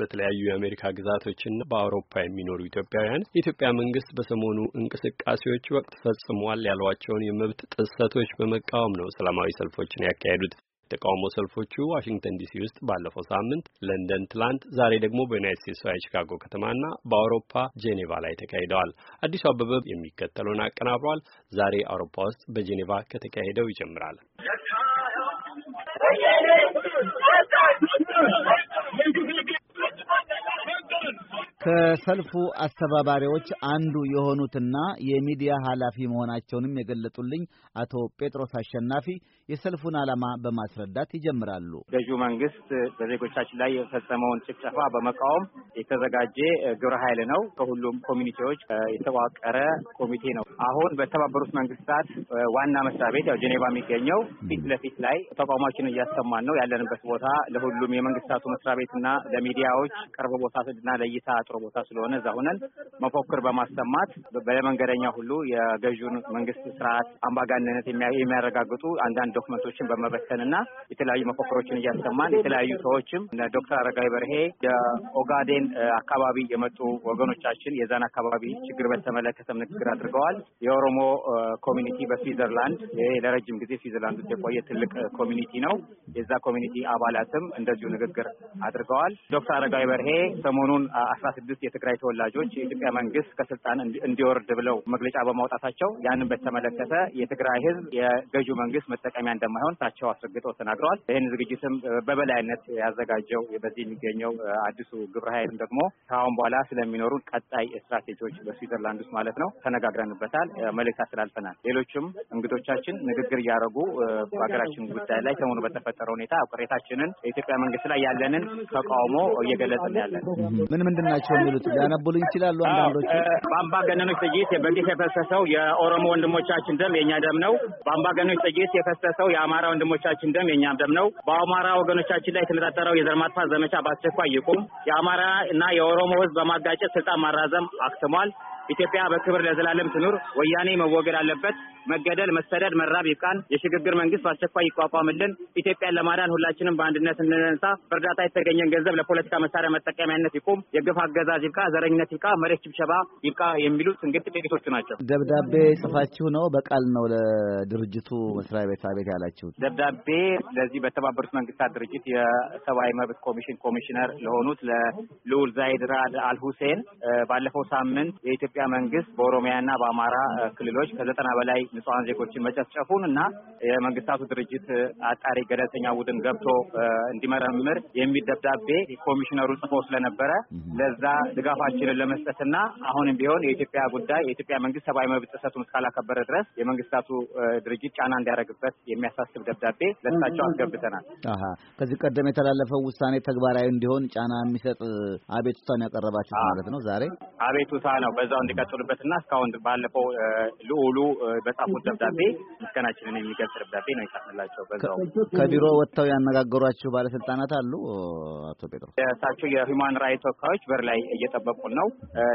በተለያዩ የአሜሪካ ግዛቶችና በአውሮፓ የሚኖሩ ኢትዮጵያውያን የኢትዮጵያ መንግስት በሰሞኑ እንቅስቃሴዎች ወቅት ፈጽሟል ያሏቸውን የመብት ጥሰቶች በመቃወም ነው ሰላማዊ ሰልፎችን ያካሄዱት። የተቃውሞ ሰልፎቹ ዋሽንግተን ዲሲ ውስጥ ባለፈው ሳምንት፣ ለንደን ትላንት፣ ዛሬ ደግሞ በዩናይት ስቴትስ የቺካጎ ከተማና በአውሮፓ ጄኔቫ ላይ ተካሂደዋል። አዲሱ አበበ የሚከተለውን አቀናብሯል። ዛሬ አውሮፓ ውስጥ በጄኔቫ ከተካሄደው ይጀምራል። Oh, ከሰልፉ አስተባባሪዎች አንዱ የሆኑትና የሚዲያ ኃላፊ መሆናቸውንም የገለጡልኝ አቶ ጴጥሮስ አሸናፊ የሰልፉን ዓላማ በማስረዳት ይጀምራሉ። ገዢው መንግስት በዜጎቻችን ላይ የፈጸመውን ጭፍጨፋ በመቃወም የተዘጋጀ ግብረ ኃይል ነው። ከሁሉም ኮሚኒቲዎች የተዋቀረ ኮሚቴ ነው። አሁን በተባበሩት መንግስታት ዋና መስሪያ ቤት ያው ጄኔቫ የሚገኘው ፊት ለፊት ላይ ተቃውሟችን እያሰማን ነው። ያለንበት ቦታ ለሁሉም የመንግስታቱ መስሪያ ቤትና ለሚዲያዎች ቅርብ ቦታ ስድና ለይታ የተፈጥሮ ቦታ ስለሆነ እዛ ሁነን መፎክር በማሰማት በለመንገደኛ ሁሉ የገዥን መንግስት ስርዓት አምባጋንነት የሚያረጋግጡ አንዳንድ ዶክመንቶችን በመበተንና የተለያዩ መፎክሮችን እያሰማን የተለያዩ ሰዎችም ዶክተር አረጋዊ በርሄ የኦጋዴን አካባቢ የመጡ ወገኖቻችን የዛን አካባቢ ችግር በተመለከተም ንግግር አድርገዋል። የኦሮሞ ኮሚኒቲ በስዊዘርላንድ ይሄ ለረጅም ጊዜ ስዊዘርላንድ ውስጥ የቆየ ትልቅ ኮሚኒቲ ነው። የዛ ኮሚኒቲ አባላትም እንደዚሁ ንግግር አድርገዋል። ዶክተር አረጋዊ በርሄ ሰሞኑን አስራ ስድስት የትግራይ ተወላጆች የኢትዮጵያ መንግስት ከስልጣን እንዲወርድ ብለው መግለጫ በማውጣታቸው ያንን በተመለከተ የትግራይ ህዝብ የገዢው መንግስት መጠቀሚያ እንደማይሆን ታቸው አስረግጠው ተናግረዋል። ይህን ዝግጅትም በበላይነት ያዘጋጀው በዚህ የሚገኘው አዲሱ ግብረ ኃይልም ደግሞ ከአሁን በኋላ ስለሚኖሩ ቀጣይ ስትራቴጂዎች በስዊዘርላንድ ውስጥ ማለት ነው ተነጋግረንበታል፣ መልእክት አስተላልፈናል። ሌሎችም እንግዶቻችን ንግግር እያደረጉ በሀገራችን ጉዳይ ላይ ሰሞኑን በተፈጠረ ሁኔታ ቅሬታችንን የኢትዮጵያ መንግስት ላይ ያለንን ተቃውሞ እየገለጽን ያለን ምን ምንድን ናቸው ናቸው የሚሉት ሊያነቡልኝ ይችላሉ። አንዳንዶቹ በአምባገነኖች ጥይት በዚህ የፈሰሰው የኦሮሞ ወንድሞቻችን ደም የእኛ ደም ነው። በአምባገነኖች ጥይት የፈሰሰው የአማራ ወንድሞቻችን ደም የእኛም ደም ነው። በአማራ ወገኖቻችን ላይ የተነጣጠረው የዘር ማጥፋት ዘመቻ በአስቸኳይ ይቁም። የአማራ እና የኦሮሞ ህዝብ በማጋጨት ስልጣን ማራዘም አክትሟል። ኢትዮጵያ በክብር ለዘላለም ትኑር። ወያኔ መወገድ አለበት። መገደል፣ መሰደድ፣ መራብ ይብቃን። የሽግግር መንግስት በአስቸኳይ ይቋቋምልን። ኢትዮጵያን ለማዳን ሁላችንም በአንድነት እንነሳ። በእርዳታ የተገኘን ገንዘብ ለፖለቲካ መሳሪያ መጠቀሚያነት ይቁም። የግፍ አገዛዝ ይብቃ፣ ዘረኝነት ይብቃ፣ መሬት ችብሸባ ይብቃ የሚሉት እንግዲህ ጥቂቶቹ ናቸው። ደብዳቤ ጽፋችሁ ነው በቃል ነው ለድርጅቱ መስሪያ ቤት አቤት ያላችሁት? ደብዳቤ ለዚህ በተባበሩት መንግስታት ድርጅት የሰብአዊ መብት ኮሚሽን ኮሚሽነር ለሆኑት ለልዑል ዛይድ ራድ አልሁሴን ባለፈው ሳምንት የኢትዮጵያ መንግስት በኦሮሚያና በአማራ ክልሎች ከዘጠና በላይ ንጹሐን ዜጎችን መጨፍጨፉን እና የመንግስታቱ ድርጅት አጣሪ ገለልተኛ ቡድን ገብቶ እንዲመረምር የሚል ደብዳቤ ኮሚሽነሩ ጽፎ ስለነበረ ለዛ ድጋፋችንን ለመስጠትና አሁንም ቢሆን የኢትዮጵያ ጉዳይ የኢትዮጵያ መንግስት ሰብአዊ መብት ጥሰቱን እስካላከበረ ድረስ የመንግስታቱ ድርጅት ጫና እንዲያደርግበት የሚያሳስብ ደብዳቤ ለሳቸው አስገብተናል። ከዚህ ቀደም የተላለፈው ውሳኔ ተግባራዊ እንዲሆን ጫና የሚሰጥ አቤቱታን ያቀረባችሁት ማለት ነው። ዛሬ አቤቱታ ነው በዛው እንዲቀጥሉበትና እስካሁን ባለፈው ልዑሉ በጣም በጻፉት ደብዳቤ ምስጋናችንን የሚገልጽ ደብዳቤ ነው የጻፍንላቸው። በዛው ከቢሮ ወጥተው ያነጋገሯቸው ባለስልጣናት አሉ። አቶ ጴጥሮስ እሳቸው የሂውማን ራይት ተወካዮች በር ላይ እየጠበቁን ነው።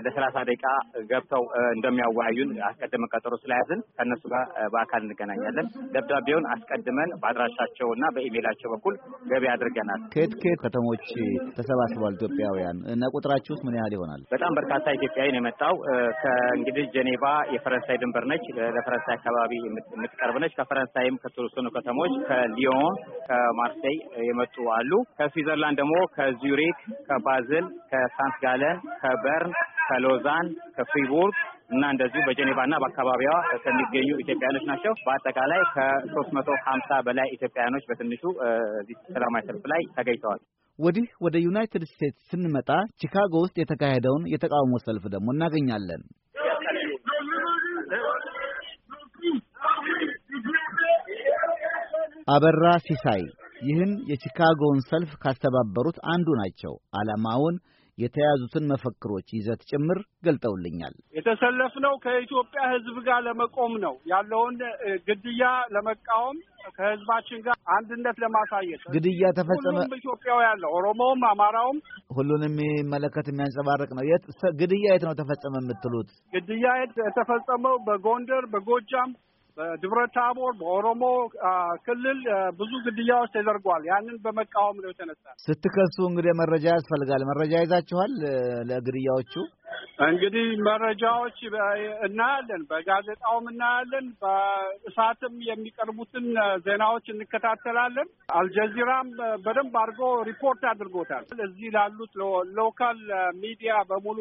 ለሰላሳ ደቂቃ ገብተው እንደሚያወያዩን አስቀድመ ቀጠሮ ስለያዝን ከእነሱ ጋር በአካል እንገናኛለን። ደብዳቤውን አስቀድመን በአድራሻቸው እና በኢሜይላቸው በኩል ገቢ አድርገናል። ከየት ከየት ከተሞች ተሰባስቧል ኢትዮጵያውያን እና ቁጥራችሁስ ምን ያህል ይሆናል? በጣም በርካታ ኢትዮጵያዊ ነው የመጣው። ከእንግዲህ ጀኔቫ የፈረንሳይ ድንበር ነች። ለፈረንሳይ አካባቢ የምትቀርብ ነች። ከፈረንሳይም ከተወሰኑ ከተሞች ከሊዮን፣ ከማርሴይ የመጡ አሉ። ከስዊዘርላንድ ደግሞ ከዙሪክ፣ ከባዝል፣ ከሳንት ጋለን፣ ከበርን፣ ከሎዛን፣ ከፍሪቡርግ እና እንደዚሁ በጀኔቫና በአካባቢዋ ከሚገኙ ኢትዮጵያውያኖች ናቸው። በአጠቃላይ ከሶስት መቶ ሀምሳ በላይ ኢትዮጵያውያኖች በትንሹ እዚህ ሰላማዊ ሰልፍ ላይ ተገኝተዋል። ወዲህ ወደ ዩናይትድ ስቴትስ ስንመጣ ቺካጎ ውስጥ የተካሄደውን የተቃውሞ ሰልፍ ደግሞ እናገኛለን። አበራ ሲሳይ ይህን የቺካጎውን ሰልፍ ካስተባበሩት አንዱ ናቸው። ዓላማውን የተያዙትን መፈክሮች ይዘት ጭምር ገልጠውልኛል። የተሰለፍነው ከኢትዮጵያ ሕዝብ ጋር ለመቆም ነው። ያለውን ግድያ ለመቃወም ከሕዝባችን ጋር አንድነት ለማሳየት ግድያ ተፈጸመ። ሁሉም ኢትዮጵያው ያለው ኦሮሞውም፣ አማራውም ሁሉንም የሚመለከት የሚያንጸባርቅ ነው። ግድያ የት ነው ተፈጸመ የምትሉት? ግድያ የተፈጸመው በጎንደር፣ በጎጃም፣ በድብረ ታቦር በኦሮሞ ክልል ብዙ ግድያዎች ተደርጓል። ያንን በመቃወም ነው የተነሳ። ስትከሱ እንግዲህ መረጃ ያስፈልጋል። መረጃ ይዛችኋል ለግድያዎቹ እንግዲህ መረጃዎች እናያለን፣ በጋዜጣውም እናያለን፣ በእሳትም የሚቀርቡትን ዜናዎች እንከታተላለን። አልጀዚራም በደንብ አድርጎ ሪፖርት አድርጎታል። እዚህ ላሉት ሎካል ሚዲያ በሙሉ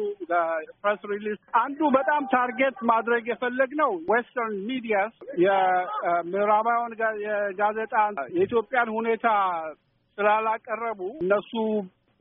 ፕሬስ ሪሊስ አንዱ በጣም ታርጌት ማድረግ የፈለግነው ዌስተርን ሚዲያስ የምዕራባውያን የጋዜጣ የኢትዮጵያን ሁኔታ ስላላቀረቡ እነሱ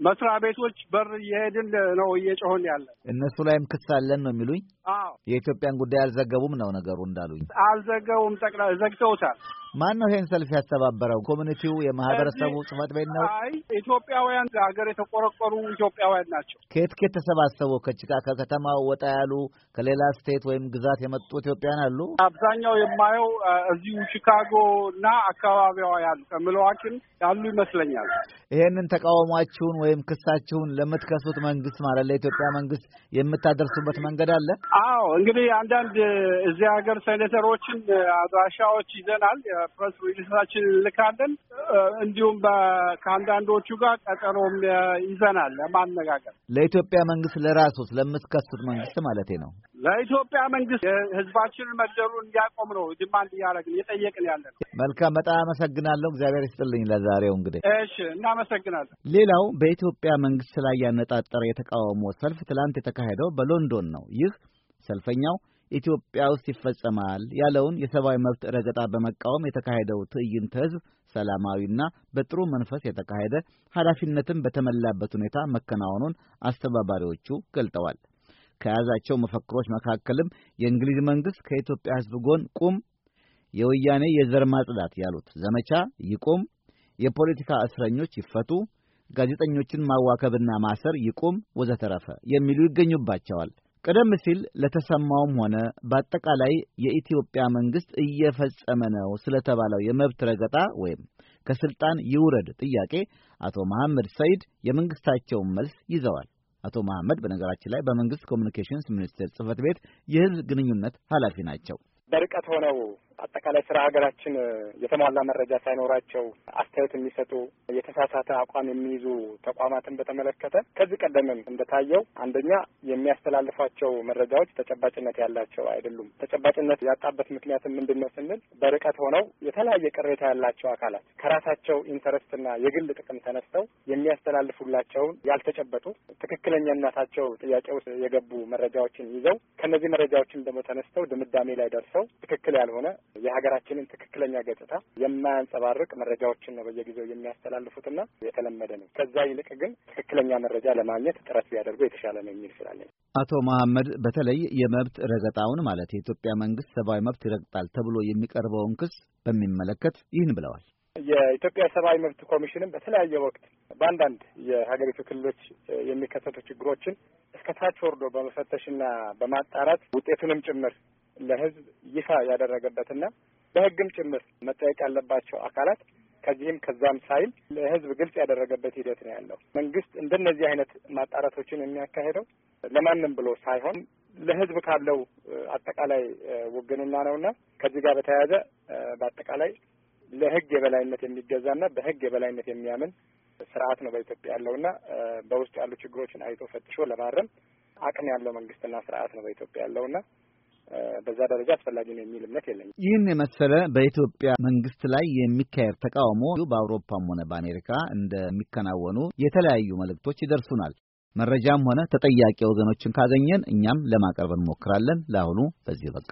መስሪያ ቤቶች በር እየሄድን ነው እየጮሆን ያለ እነሱ ላይም ክስ አለን ነው የሚሉኝ። አዎ የኢትዮጵያን ጉዳይ አልዘገቡም ነው ነገሩ እንዳሉኝ። አልዘገቡም፣ ጠቅላ ዘግተውታል። ማን ነው ይሄን ሰልፍ ያስተባበረው? ኮሚኒቲው፣ የማህበረሰቡ ጽህፈት ቤት ነው? አይ ኢትዮጵያውያን ሀገር የተቆረቆሩ ኢትዮጵያውያን ናቸው። ከየት ከየት ተሰባሰቡ? ከጭቃ ከከተማው ወጣ ያሉ ከሌላ ስቴት ወይም ግዛት የመጡ ኢትዮጵያን አሉ? አብዛኛው የማየው እዚሁ ቺካጎ እና አካባቢዋ ያሉ ከሚልዋኪም ያሉ ይመስለኛል። ይሄንን ተቃውሟችሁን ወይም ክሳችሁን ለምትከሱት መንግስት ማለት ለኢትዮጵያ መንግስት የምታደርሱበት መንገድ አለ? አዎ አዎ እንግዲህ አንዳንድ እዚህ ሀገር ሴኔተሮችን አድራሻዎች ይዘናል። የፕሬስ ሪሊሳችን እንልካለን። እንዲሁም ከአንዳንዶቹ ጋር ቀጠሮም ይዘናል ለማነጋገር ለኢትዮጵያ መንግስት ለራሱ ስለምትከሱት መንግስት ማለት ነው ለኢትዮጵያ መንግስት ህዝባችንን መግደሉ እንዲያቆም ነው ዲማንድ እያደረግን እየጠየቅን ያለ ነው። መልካም በጣም አመሰግናለሁ። እግዚአብሔር ይስጥልኝ። ለዛሬው እንግዲህ እሺ፣ እናመሰግናለን። ሌላው በኢትዮጵያ መንግስት ላይ ያነጣጠረ የተቃውሞ ሰልፍ ትላንት የተካሄደው በሎንዶን ነው። ይህ ሰልፈኛው ኢትዮጵያ ውስጥ ይፈጸማል ያለውን የሰብአዊ መብት ረገጣ በመቃወም የተካሄደው ትዕይንተ ሕዝብ ሰላማዊና በጥሩ መንፈስ የተካሄደ ኃላፊነትን በተሞላበት ሁኔታ መከናወኑን አስተባባሪዎቹ ገልጠዋል። ከያዛቸው መፈክሮች መካከልም የእንግሊዝ መንግሥት ከኢትዮጵያ ህዝብ ጎን ቁም፣ የወያኔ የዘር ማጽዳት ያሉት ዘመቻ ይቁም፣ የፖለቲካ እስረኞች ይፈቱ፣ ጋዜጠኞችን ማዋከብና ማሰር ይቁም፣ ወዘተረፈ የሚሉ ይገኙባቸዋል። ቀደም ሲል ለተሰማውም ሆነ በአጠቃላይ የኢትዮጵያ መንግስት እየፈጸመ ነው ስለተባለው የመብት ረገጣ ወይም ከስልጣን ይውረድ ጥያቄ አቶ መሐመድ ሰይድ የመንግስታቸውን መልስ ይዘዋል። አቶ መሐመድ በነገራችን ላይ በመንግስት ኮሚኒኬሽንስ ሚኒስቴር ጽህፈት ቤት የህዝብ ግንኙነት ኃላፊ ናቸው። በርቀት ሆነው አጠቃላይ ስራ ሀገራችን የተሟላ መረጃ ሳይኖራቸው አስተያየት የሚሰጡ የተሳሳተ አቋም የሚይዙ ተቋማትን በተመለከተ ከዚህ ቀደምም እንደታየው አንደኛ የሚያስተላልፏቸው መረጃዎች ተጨባጭነት ያላቸው አይደሉም። ተጨባጭነት ያጣበት ምክንያትም ምንድን ነው ስንል በርቀት ሆነው የተለያየ ቅሬታ ያላቸው አካላት ከራሳቸው ኢንተረስትና የግል ጥቅም ተነስተው የሚያስተላልፉላቸውን ያልተጨበጡ ትክክለኛነታቸው ጥያቄ ውስጥ የገቡ መረጃዎችን ይዘው ከነዚህ መረጃዎችን ደግሞ ተነስተው ድምዳሜ ላይ ደርሰው ትክክል ያልሆነ የሀገራችንን ትክክለኛ ገጽታ የማያንጸባርቅ መረጃዎችን ነው በየጊዜው የሚያስተላልፉትና የተለመደ ነው። ከዛ ይልቅ ግን ትክክለኛ መረጃ ለማግኘት ጥረት ቢያደርጉ የተሻለ ነው የሚል ስላለን አቶ መሐመድ በተለይ የመብት ረገጣውን ማለት የኢትዮጵያ መንግስት ሰብአዊ መብት ይረግጣል ተብሎ የሚቀርበውን ክስ በሚመለከት ይህን ብለዋል። የኢትዮጵያ ሰብአዊ መብት ኮሚሽንም በተለያየ ወቅት በአንዳንድ የሀገሪቱ ክልሎች የሚከሰቱ ችግሮችን እስከ ታች ወርዶ በመፈተሽና በማጣራት ውጤቱንም ጭምር ለህዝብ ይፋ ያደረገበትና በህግም ጭምር መጠየቅ ያለባቸው አካላት ከዚህም ከዛም ሳይል ለህዝብ ግልጽ ያደረገበት ሂደት ነው ያለው። መንግስት እንደነዚህ አይነት ማጣራቶችን የሚያካሄደው ለማንም ብሎ ሳይሆን ለህዝብ ካለው አጠቃላይ ውግንና ነውና ከዚህ ጋር በተያያዘ በአጠቃላይ ለህግ የበላይነት የሚገዛና በህግ የበላይነት የሚያምን ስርዓት ነው በኢትዮጵያ ያለውና በውስጡ ያሉ ችግሮችን አይቶ ፈትሾ ለማረም አቅም ያለው መንግስትና ስርዓት ነው በኢትዮጵያ ያለውና በዛ ደረጃ አስፈላጊ ነው የሚል እምነት የለኝም። ይህን የመሰለ በኢትዮጵያ መንግስት ላይ የሚካሄድ ተቃውሞ በአውሮፓም ሆነ በአሜሪካ እንደሚከናወኑ የተለያዩ መልእክቶች ይደርሱናል። መረጃም ሆነ ተጠያቂ ወገኖችን ካገኘን እኛም ለማቅረብ እንሞክራለን። ለአሁኑ በዚህ በቃ።